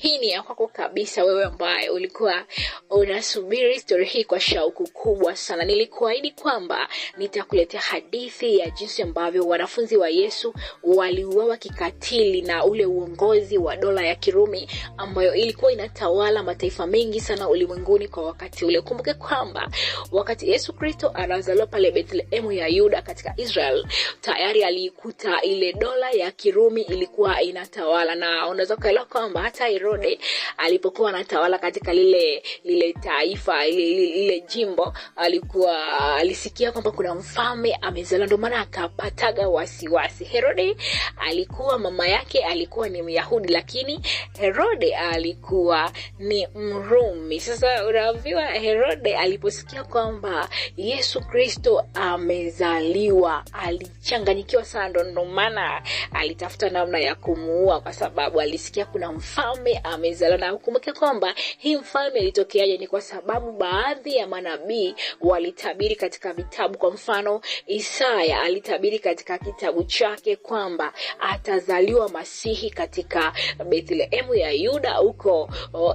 Hii ni ya kwako kabisa, wewe ambaye ulikuwa unasubiri stori hii kwa shauku kubwa sana. Nilikuahidi kwamba nitakuletea hadithi ya jinsi ambavyo wanafunzi wa Yesu waliuawa kikatili na ule uongozi wa dola ya Kirumi ambayo ilikuwa inatawala mataifa mengi sana ulimwenguni kwa wakati ule. Kumbuke kwamba wakati Yesu Kristo anazaliwa pale betlehemu ya Yuda katika Israel, tayari aliikuta ile dola ya Kirumi ilikuwa inatawala, na unaweza ukaelewa kwamba hata Herode alipokuwa anatawala katika lile lile taifa lile, lile jimbo alikuwa alisikia kwamba kuna mfalme amezaliwa, ndio maana akapataga wasiwasi. Herode alikuwa mama yake alikuwa ni Myahudi, lakini Herode alikuwa ni Mrumi. Sasa unaambiwa Herode aliposikia kwamba Yesu Kristo amezaliwa alichanganyikiwa sana, ndio maana alitafuta namna ya kumuua, kwa sababu alisikia kuna mfalme amezala. Na ukumbuke kwamba hii mfalme ilitokeaje? Ni kwa sababu baadhi ya manabii walitabiri katika vitabu. Kwa mfano, Isaya alitabiri katika kitabu chake kwamba atazaliwa Masihi katika Bethlehemu ya Yuda huko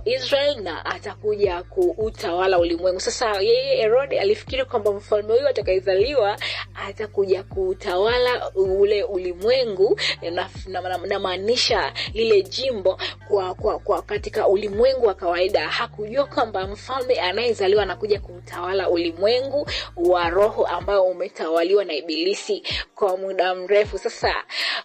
Israel, na atakuja kuutawala ulimwengu. Sasa yeye Herode alifikiri kwamba mfalme huyo atakayezaliwa atakuja kuutawala ule ulimwengu, namaanisha na, na, na lile jimbo kwa, kwa kwa, kwa katika ulimwengu wa kawaida hakujua kwamba mfalme anayezaliwa anakuja kumtawala ulimwengu wa roho ambao umetawaliwa na Ibilisi kwa muda mrefu. Sasa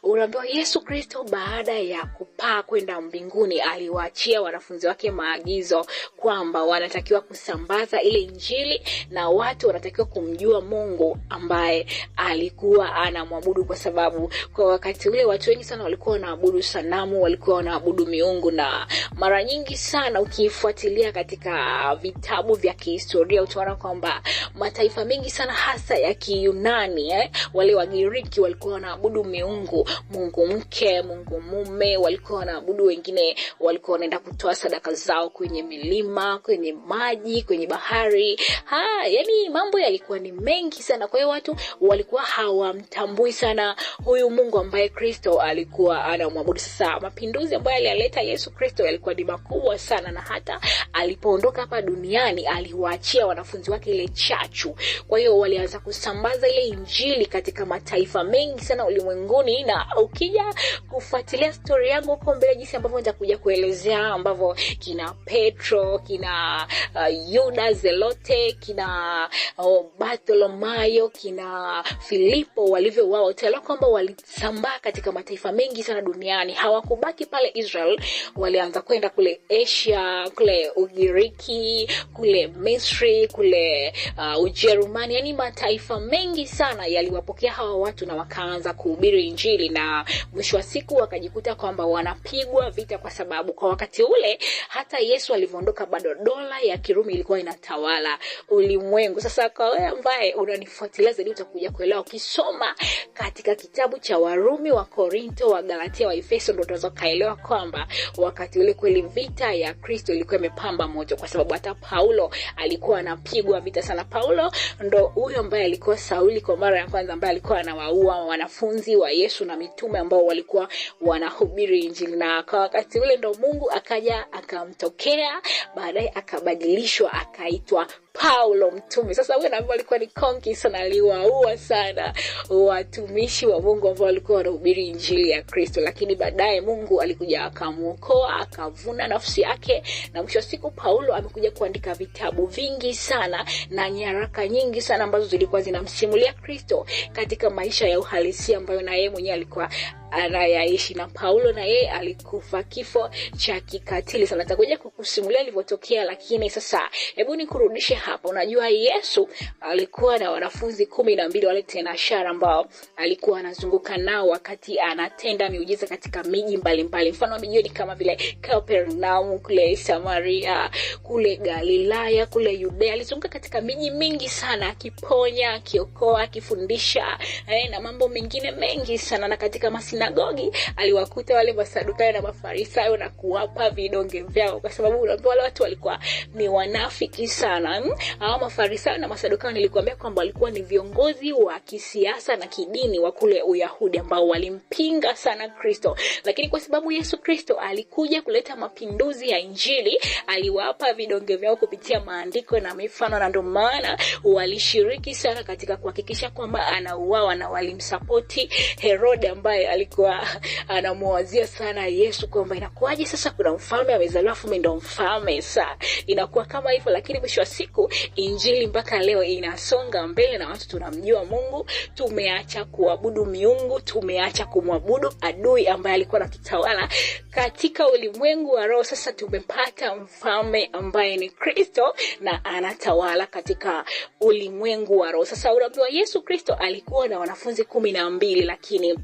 unaambiwa Yesu Kristo baada ya ku kupaa kwenda mbinguni, aliwaachia wanafunzi wake maagizo kwamba wanatakiwa kusambaza ile Injili na watu wanatakiwa kumjua Mungu ambaye alikuwa anamwabudu, kwa sababu kwa wakati ule watu wengi sana walikuwa wanaabudu sanamu, walikuwa wanaabudu miungu, na mara nyingi sana ukifuatilia katika vitabu vya kihistoria utaona kwamba mataifa mengi sana hasa ya Kiyunani eh, wale Wagiriki walikuwa wanaabudu miungu, mungu mke, mungu mume, walikuwa walikuwa wanaabudu, wengine walikuwa wanaenda kutoa sadaka zao kwenye milima, kwenye maji, kwenye bahari. Ha, yani mambo yalikuwa ni mengi sana, kwa hiyo watu walikuwa hawamtambui sana huyu Mungu ambaye Kristo alikuwa anamwabudu. Sasa mapinduzi ambayo aliyaleta Yesu Kristo yalikuwa ni makubwa sana, na hata alipoondoka hapa duniani aliwaachia wanafunzi wake ile chachu. Kwa hiyo walianza kusambaza ile injili katika mataifa mengi sana ulimwenguni, na ukija kufuatilia stori yangu huko mbele jinsi ambavyo nitakuja kuelezea ambavyo kina Petro kina uh, Yuda Zelote kina uh, Bartholomayo kina Filipo walivyouawa, utaelewa kwamba walisambaa katika mataifa mengi sana duniani. Hawakubaki pale Israel, walianza kwenda kule Asia, kule Ugiriki, kule Misri, kule uh, Ujerumani, yaani mataifa mengi sana yaliwapokea hawa watu na wakaanza kuhubiri Injili na mwisho wa siku wakajikuta kwamba wana wanapigwa vita, kwa sababu kwa wakati ule hata Yesu alivyoondoka bado dola ya Kirumi ilikuwa inatawala ulimwengu. Sasa kwa wewe ambaye unanifuatilia zaidi, utakuja kuelewa ukisoma katika kitabu cha Warumi, wa Korinto, wa Galatia, wa Efeso, ndio utaweza kaelewa kwamba wakati ule kweli vita ya Kristo ilikuwa imepamba moto, kwa sababu hata Paulo alikuwa anapigwa vita sana. Paulo ndo huyo ambaye alikuwa Sauli kwa mara ya kwanza, ambaye alikuwa anawaua wanafunzi wa Yesu na mitume ambao walikuwa wanahubiri angel, na kwa wakati ule ndo Mungu akaja akamtokea, baadaye akabadilishwa akaitwa Paulo mtume. Sasa huyo naambiwa alikuwa ni sana aliwaua sana watumishi wa Mungu ambao walikuwa wanahubiri injili ya Kristo, lakini baadaye Mungu alikuja akamwokoa, akavuna nafsi yake, na mwisho wa siku Paulo amekuja kuandika vitabu vingi sana na nyaraka nyingi sana ambazo zilikuwa zinamsimulia Kristo katika maisha ya uhalisia ambayo na yeye mwenyewe alikuwa anayaishi na Paulo na yeye alikufa kifo cha kikatili sana. Nitakuja kukusimulia alivyotokea lakini sasa hebu nikurudishe hapa. Unajua Yesu alikuwa na wanafunzi kumi na mbili wale tenashara ambao alikuwa anazunguka nao wakati anatenda miujiza katika miji mbalimbali. Mfano wa miji kama vile Kapernaum kule Samaria, kule Galilaya, kule Yudea. Alizunguka katika miji mingi sana akiponya, akiokoa, akifundisha eh, na mambo mengine mengi sana, na katika masinagogi aliwakuta wale Masadukayo na Mafarisayo na kuwapa vidonge vyao, kwa sababu wale watu walikuwa ni wanafiki sana Uislamu. Hawa Mafarisayo na Masadukayo nilikuambia kwamba walikuwa ni viongozi wa kisiasa na kidini wa kule Uyahudi ambao walimpinga sana Kristo, lakini kwa sababu Yesu Kristo alikuja kuleta mapinduzi ya Injili, aliwapa vidonge vyao kupitia maandiko na mifano, na ndo maana walishiriki sana katika kuhakikisha kwamba anauawa, na walimsapoti Herode ambaye alikuwa anamwazia sana Yesu kwamba inakuwaje sasa kuna mfalme amezaliwa, fume ndo mfalme, saa inakuwa kama hivyo, lakini mwisho wa siku siku injili mpaka leo inasonga mbele na watu tunamjua Mungu. Tumeacha kuabudu miungu, tumeacha kumwabudu adui ambaye alikuwa anatutawala katika ulimwengu wa roho. Sasa tumepata mfalme ambaye ni Kristo na anatawala katika ulimwengu wa roho. Sasa unaambiwa Yesu Kristo alikuwa na wanafunzi kumi na mbili lakini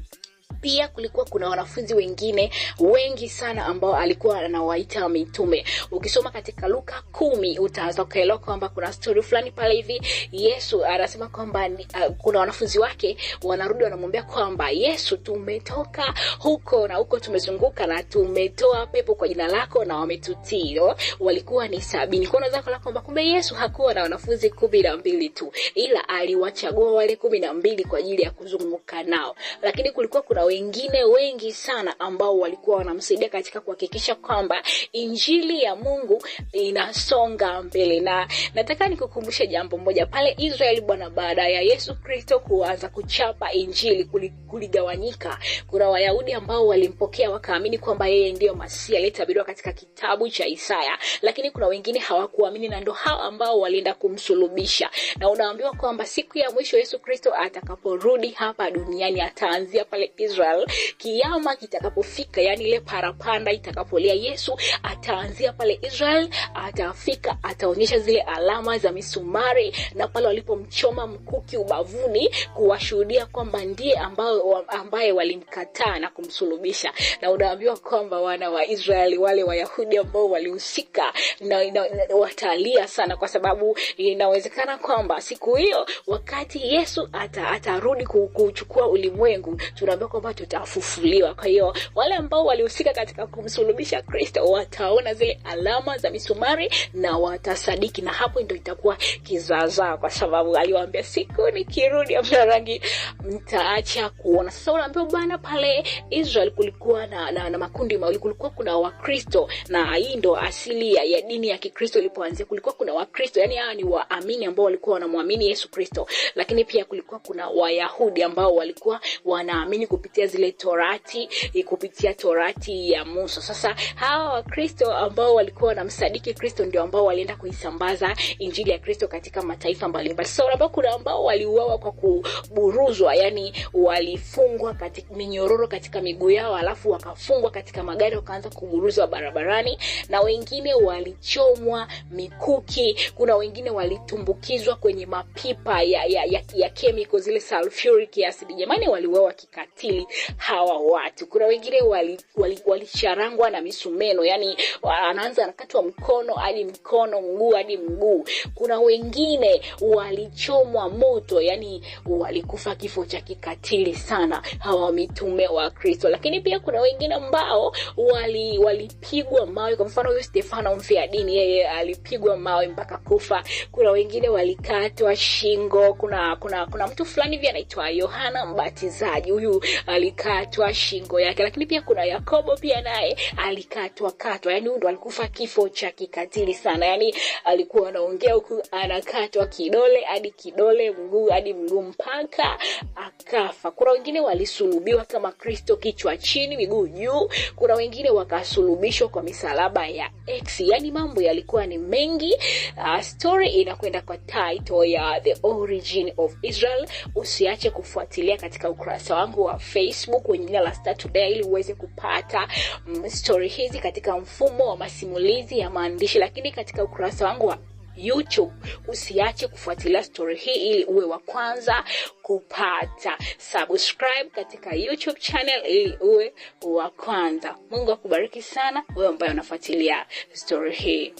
pia kulikuwa kuna wanafunzi wengine wengi sana ambao alikuwa anawaita mitume. Ukisoma katika Luka kumi utaanza kuelewa kwamba kuna stori fulani pale hivi, Yesu anasema kwamba uh, kuna wanafunzi wake wanarudi, wanamwambia kwamba Yesu, tumetoka huko na huko, tumezunguka na tumetoa pepo kwa jina lako na wametutii. Walikuwa ni sabini. Kwa unaweza kwamba kumbe Yesu hakuwa na wanafunzi kumi na mbili tu, ila aliwachagua wale kumi na mbili kwa ajili ya kuzunguka nao, lakini kulikuwa kuna wengine wengi sana ambao walikuwa wanamsaidia katika kuhakikisha kwamba injili ya Mungu inasonga mbele. Na nataka nikukumbushe jambo moja pale Israeli bwana, baada ya Yesu Kristo kuanza kuchapa injili, kuligawanyika. Kuna Wayahudi ambao walimpokea wakaamini kwamba yeye ndiyo Masihi aliyetabiriwa katika kitabu cha Isaya, lakini kuna wengine hawakuamini na ndo hao ambao walienda kumsulubisha. Na unaambiwa kwamba siku ya mwisho Yesu Kristo atakaporudi hapa duniani ataanzia pale israel literal kiama kitakapofika, yani ile parapanda itakapolia, Yesu ataanzia pale Israel, atafika, ataonyesha zile alama za misumari na pale walipomchoma mkuki ubavuni kuwashuhudia kwamba ndiye ambaye ambaye walimkataa na kumsulubisha. Na unaambiwa kwamba wana wa israel wale Wayahudi ambao walihusika na, na, na, watalia sana, kwa sababu inawezekana kwamba siku hiyo wakati Yesu atarudi ata kuchukua ulimwengu tunaambiwa kwamba kwamba tutafufuliwa. Kwa hiyo wale ambao walihusika katika kumsulubisha Kristo wataona zile alama za misumari na watasadiki, na hapo ndo itakuwa kizaazaa, kwa sababu aliwaambia siku nikirudi amna rangi mtaacha kuona. Sasa unaambia bana, pale Israel kulikuwa na, na, na makundi mawili, kulikuwa kuna Wakristo na hii ndo asili ya, ya dini ya Kikristo ilipoanzia. Kulikuwa kuna Wakristo, yani hawa ni waamini ambao walikuwa wanamwamini Yesu Kristo, lakini pia kulikuwa kuna Wayahudi ambao walikuwa wanaamini kupitia kupitia zile torati kupitia torati ya Musa. Sasa hawa Wakristo ambao walikuwa wanamsadiki Kristo ndio ambao walienda kuisambaza injili ya Kristo katika mataifa mbalimbali. Sasa unapo kuna ambao waliuawa kwa kuburuzwa, yani walifungwa katika minyororo katika miguu yao, alafu wakafungwa katika magari wakaanza kuburuzwa barabarani, na wengine walichomwa mikuki, kuna wengine walitumbukizwa kwenye mapipa ya, ya, ya, ya chemical zile sulfuric acid. Jamani, waliuawa kikatili hawa watu. Kuna wengine walisharangwa wali, wali na misumeno, yani anaanza nakatwa mkono hadi mkono, mguu hadi mguu. Kuna wengine walichomwa moto, yani walikufa kifo cha kikatili sana, hawa mitume wa Kristo. Lakini pia kuna wengine ambao walipigwa wali mawe, kwa mfano huyu Stefano dini yeye alipigwa mawe mpaka kufa. Kuna wengine walikatwa shingo. Kuna kuna kuna mtu fulani hivi anaitwa Yohana Mbatizaji, huyu uh, alikatwa shingo yake, lakini pia kuna Yakobo pia naye alikatwa katwa, yani huyu ndo alikufa kifo cha kikatili sana, yani alikuwa anaongea huku anakatwa kidole hadi kidole, mguu hadi mguu, mpaka akafa. Kuna wengine walisulubiwa kama Kristo, kichwa chini, miguu juu. Kuna wengine wakasulubishwa kwa misalaba ya X, yani mambo yalikuwa ni mengi. Uh, story inakwenda kwa title ya The Origin of Israel. Usiache kufuatilia katika ukurasa wangu wa Facebook. Facebook wenye jina la Star Today ili uweze kupata mm, stori hizi katika mfumo wa masimulizi ya maandishi, lakini katika ukurasa wangu wa YouTube usiache kufuatilia stori hii ili uwe wa kwanza kupata. Subscribe katika YouTube channel ili uwe wa kwanza. Mungu akubariki sana wewe ambaye unafuatilia stori hii.